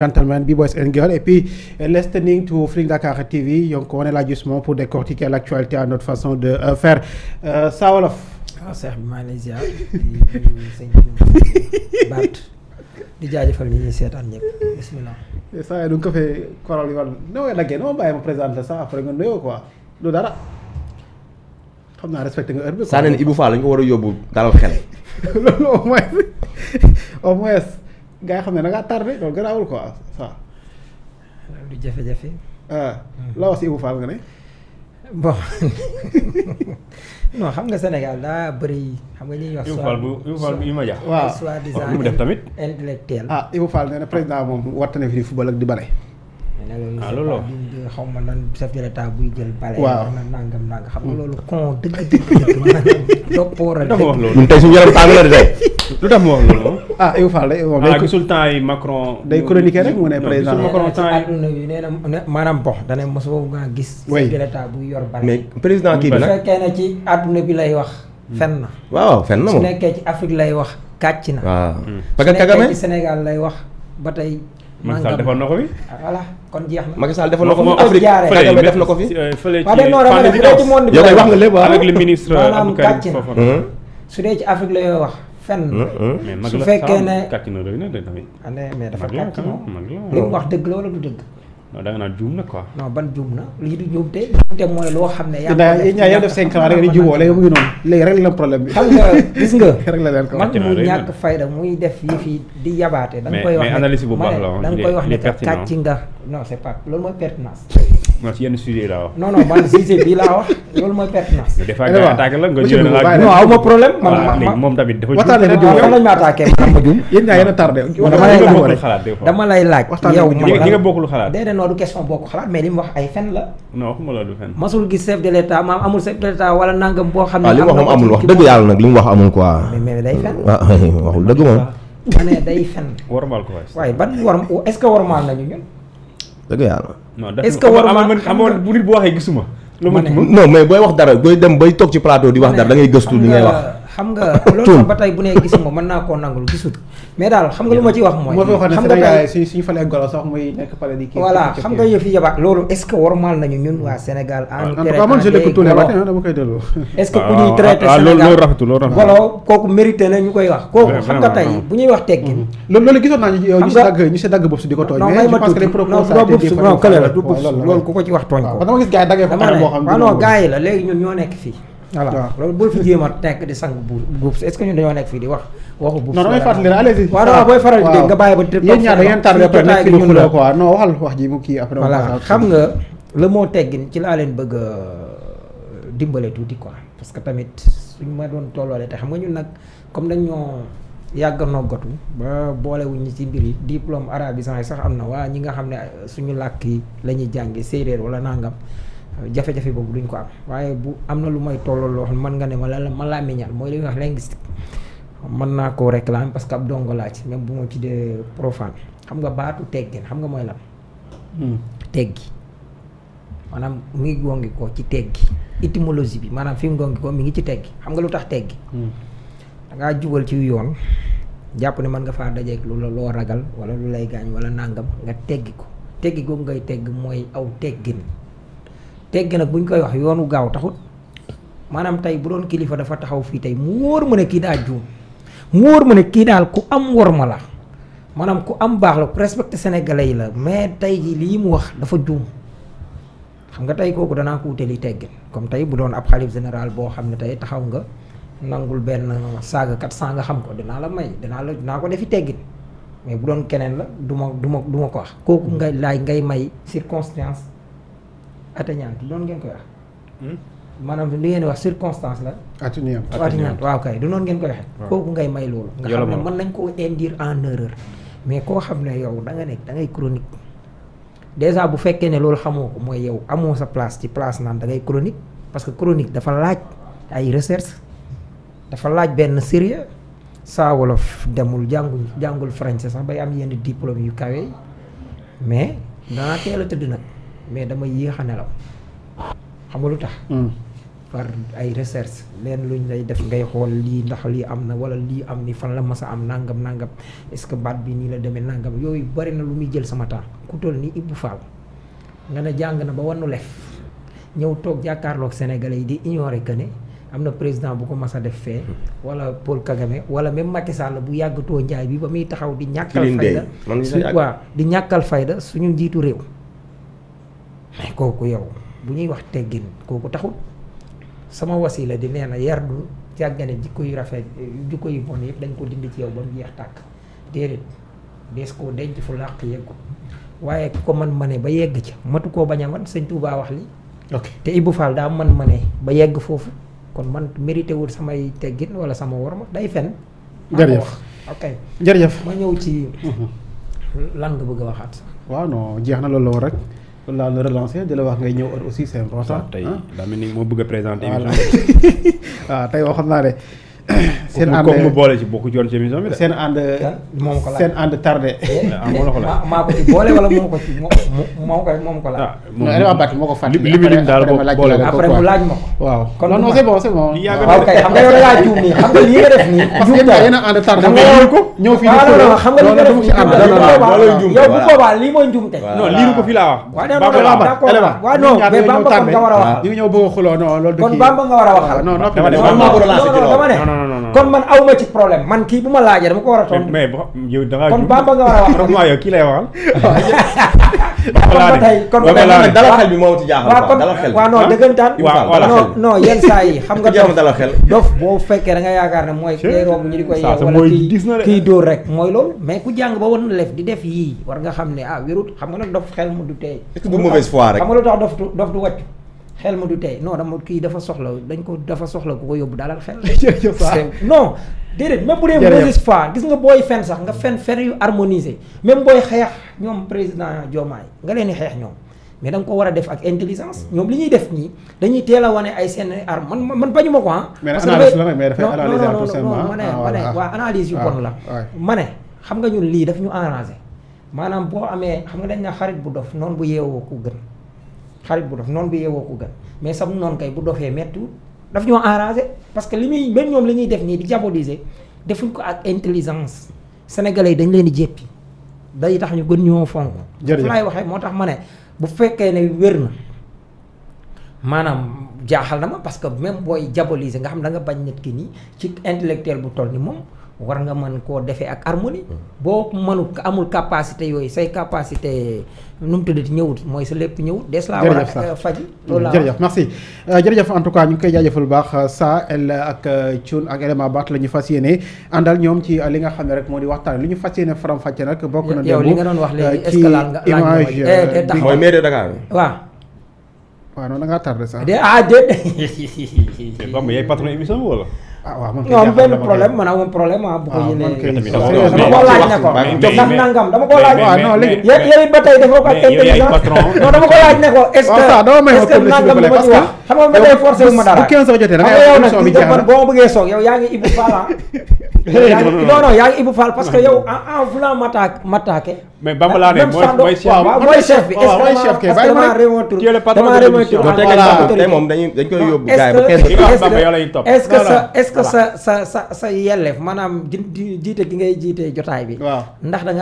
gentlemen, b-boys and girls et puis listening to Feeling Dakar TV donc on est là pour décortiquer l'actualité à notre façon de euh, Saa euh, Wolof waaw ah, seetaan ñëpp bismillah saa yi du nga ko fee koral yoon nowee laggee bàyyi ma présenter ça après nga nuyoo quoi lu dara xam naa respecté nga heure saa neen Ibou Fall lañ ko war a yóbbu dalal xel gaa xam ne da ngaa tardé loolu garaawul quoi ça. du jafe-jafe. ah hmm. la wax si nga ne. bon non xam nga Sénégal daa bëri xam nga ñuy wax. Ibou Fall bu Ibou Fall bu Imaja. waaw soi mu def tamit. intellectuel ah Ibou Fall nee na président moom warta na fi di football ak di bale. ah loolu xaw ma nan chef de l'État buy jël bale. waaw na nangam xam nga hmm. loolu. kon dëgg dëgg dëgg maanaam. doog poora dëgg. tey suñu yaram tàng lu tax mu wax loolu. ah Ibou Fall day moom ah, day gisul temps yi Macron. day chroniquer rek mu ne président Macron temps yi nee na maanaam bon dana mos nga gis. oui buy yor bari. mais président kii bi nag bu fekkee ne bi lay wax. Hmm. fen na waaw fen na moom su nekkee ci Afrique lay wax kàcc na. waaw hmm. parce que Kagame su nekkee ci Sénégal lay wax ba tey. Macky Sall defoon na ko fi. Ah, voilà kon jeex na. Macky Sall defoon na ko fi Afrique Kagame def na ko fi. fële ci ci monde bi. yow wax nga lépp waaw ah. avec hmm. su dee ci Afrique la wax. fenn. mais mag la su fekkee ne kàttan rëy na de tamit. mais dafa kàttan li mu wax dëgg la wala du dëgg. non da nga naan na quoi. non ban juum na lii du te. mooy loo xam ne. yaa ngi ko def def cinq ans rek di juboo léegi mu ngi noonu léegi rek la problème bi. xam nga gis nga. rek mu ñàkk fayda muy def yii fii di yabaate. da nga koy wax ne mais analyse bu baax la woon da koy wax ne kàcci nga. non c'est pas loolu mooy pertinence. non ci yenn sujet yi laa wax. non non man sujet bii laa wax loolu mooy pertinence. mais des fois nga la nga jël la non aw ma problème. man dafa juum a tardé. dama lay laaj dama lay bokkul xalaat. bokk xalaat mais li mu wax ay fen la. non masul gis chef de l' état maam amul chef de l' état nangam boo xam ne. Ah, li wax dëgg yàlla nag li mu wax amul quoi. mais day fen ah, waxul dëgg moom. ma ne day fen. warmal ban war est-ce que warmal nañu ñun dëgg yàlla. est-ce que waruma amoon bu nit bu waxee gisuma. lu ma booy wax dara booy dem bay toog ci plateau di wax dara da ngay gëstu li ngay wax. xam nga loolu sax ba tey bu nee gisuma mën naa koo nangul gisut mais daal xam nga lu ma ci wax mooy xam nga tey bu ñuy wax teggin mm-hmm. loolu gisoon naa ñu ñu si dagg bopp si di ko tooñ mais je pense loolu ku ko ci wax tooñ ko dama gis gars daggee ko waaw non gars la léegi ñun ñoo nekk fii voilà loolu boo fi jéem a tekk di sang bu buub est ce que ñun dañoo nekk fii di wax waxu buub non damay fàttali allez-y waaw waaw booy faral nga bàyyi ba wax ji mu kii xam nga le mot teggin ci laa leen bëgg euh, dimbale tuuti quoi parce que tamit suñ ma doon tolloolee te xam nga ñun nag comme dañ ñoo yàgg noggatu ba boolewuñ ñi ci mbir yi diplôme arabisant yi sax am na waa ñi nga xam ne euh, suñu làkk yi la ñuy jànge séeréer wala nàngam jafe-jafe boobu duñ ko am waaye bu am na lu may tolloo loo xam mën nga ne ma la ma laa meññal mooy li ñuy wax linguistique mën naa koo réclamer parce que ab dongo laa ci même bu ma ci dee profane xam nga baatu teggin xam nga mooy lan. Hmm. teggi maanaam mu ngi ko ci teggi étymologie bi maanaam fi mu ko mi ngi ci teggi xam nga lu tax teggi. Hmm. dangaa ngaa jubal ci yoon jàpp ne mën nga faa dajeeg lu la loo ragal wala lu lay gaañ wala nàngam nga teggi ko teggi googu ngay tegg mooy aw teggin. tegg nag ñu koy wax yoonu gaaw taxut maanaam tey bu doon kilifa dafa taxaw fii tey mu wóor ma ne kii daa juum mu wóor ma ne kii daal ku am wor ma la maanaam ku am baax la ku respecté sénégalais yi la mais tey ji lii mu wax dafa juum xam nga tey kooku danaa ko wutali teggin comme tey bu doon ab xalif général boo xam ne tey taxaw nga nangul benn saaga 400 nga xam ko danaa la may danaa la dinaa ko defi teggin mais bu doon keneen la du ma du ma du ma ko wax kooku ngay laaj ngay may circonstance atténuante loolu ngeen ko wax. Hmm? maanaam li ngeen di wax circonstance la. atténuante atténuante waaw kay du noonu ngeen koy waxee. kooku ngay may loolu. nga xam ne mën nañ koo induire en erreur. mais koo xam ne yow danga nekk da ngay chronique déjà bu fekkee ne loolu xamoo ko mooy yow amoo sa place ci place naan da ngay chronique parce que chronique dafa laaj ay recherche dafa laaj benn sérieux saa wolof demul jàngul jàngul français sax bay am yenn diplôme yu kawee mais danaa tëdd nag. mais dama yéex a nelaw xam nga lu tax. Hmm. par ay recherche leen luñ lay def ngay xool lii ndax lii am na wala lii am ni fan la masa am nangam nangam est-ce que baat bi nii la demee nangam yooyu bari na lu muy jël sama temps ku toll ni Ibou Fall nga ne jàng na ba wannu lef ñëw toog jàkkaarloog sénégalais yi di ignorer que ne am na président bu ko mas a def fee wala Paul Kagame wala même Macky Sall bu yàggatoo njaay bi ba muy taxaw di ñàkkal fayda waaw di ñàkkal fayda suñu njiitu réew kooku yow bu ñuy wax teggin kooku taxul sama wasila di nee na yar du jàggane jikko yu rafet jikko yu bon yëpp dañ ko dind ci yow ba mu jeex tàkk déedéet dees koo denc fu làq yeggu waaye ko man ma ne ba yegg ca matu koo bañ a man sëñ Tuubaa wax li te Ibou Fall daa man ma ne ba yegg foofu kon man mérité wul samay teggin wala sama worma day fen jërëjëf ok jërëjëf ma ñëw ci mhm. lan nga bëgg waxaat waaw non jeex na loolu la rek loolu laa la relancer di la wax ngay ñëw heure aussi c'est important. tey daa mel ni moo bëgg a présenter émission. waaw ah, tey waxoon naa ne. seen ànd comme mu boole ci bokku joon ci émission bi de. seen ah, la ko laaj maa ko ci boole wala moom ko ci moom ko moom ko laaj. Ah, moom ko fàttali. li mu lim daal boo boole ko après mu laaj ma ko. waaw kon non non c'est bon c'est bon. waaw kay xam nga yow da ngaa juum nii xam nga a li nga def ci ànd. yow bu boobaa lii mooy njuumte. non liiru ko fii laa wax. waaw non a a a ne non kon man aw ma ci problème man kii bu ma laajee dama ko war a tontu. mais boo yow da ngaa kon Bamba nga war a wax. vraiment yow kii lay waxal. kon ba tey kon ba tey dalal xel bi moo ci jaaxal. waaw kon waaw non dëggantaan. non non yenn saa yi xam nga. dof dalal xel dof boo fekkee da nga yaakaar ne mooy. kii roog ñu di koy yeew wala kii kii dóor rek mooy loolu. mais ku jàng ba woon lef di def yii war nga xam ne ah wérut xam nga nag dof xel mu du tey. est-ce que du mauvaise foi rek xam nga lu tax dof du dof du wàcc xel ma du tey non dama kii dafa soxla dañ ko dafa soxla ku ko yóbbu dalal xel. non déedéet même bu dee mauvaise foi gis nga booy fen sax nga fen fen yu harmonisé même booy xeex ñoom président Diomaye nga leen di xeex ñoom mais da ko war a def ak intelligence mm. ñoom li ñuy def nii dañuy teel a wane ay seen arme man man ma ko ah. parce que analyse la nag mais dafay ma ne ah, ma ne waaw analyse yu ah, bon la ma ne xam nga ñun lii daf ñu arrangé maanaam boo amee xam nga dañ na xarit bu dof noonu bu yeewoo ko gën xarit bu dof noonu bi yeewoo ko gën mais sam noonu kay bu dofee méttiwul daf ñoo arrangé parce que li muy même ñoom li ñuy def nii di diaboliser defuñ ko ak intelligence sénégalais yi dañ leen di jéppi day tax ñu gën ñoo fonk jërëjëf laay waxee moo tax ma ne bu fekkee ne wér na maanaam jaaxal na ma parce que même booy diaboliser nga xam da nga bañ nit ki nii ci intellectuel bu toll ni moom war nga mën koo defee ak harmonie. boo mënu amul capacité yooyu say capacité nu mu tuddati ñëwut mooy sa lépp ñëwut. des laa war a euh, faji loolu laa jërëjëf merci euh, jërëjëf en tout cas ñu ngi koy jaajëfal bu baax saa el ak euh, Thioune ak élément baax fas yéene àndal ñoom ci li nga xam ne rek moo di waxtaan li ñu fas yéene faram fàcce nag. bokk na yow li nga doon wax léegi est-ce que laal nga laaj mooy eh, mairie Dakar bi waaw. waaw noonu da ngaa tardé sax. ah déet. ba mu yaay patron ah waaw man kay jaaxal benn problème man amoon problème ah. bu ko ah, yéenee dama ko laaj ne ko dama ko laaj. waaw non léegi yow it ba ko ak intelligence non dama laaj ne ko est ce ah, que est ce que nangam dama ci wax xam nga ba tey forcé ma dara bu 15 heures jotee da ngay yow ma bëggee soog yow yaa ngi Ibou Fall ah yaa ngi Ibou Fall parce que yow en voulant m'attaquer mais Bamba laa ne mooy mooy chef bi mooy que est ce que sa est sa sa sa sa yelleef maanaam jiite gi ngay jiite jotaay bi. waaw ndax da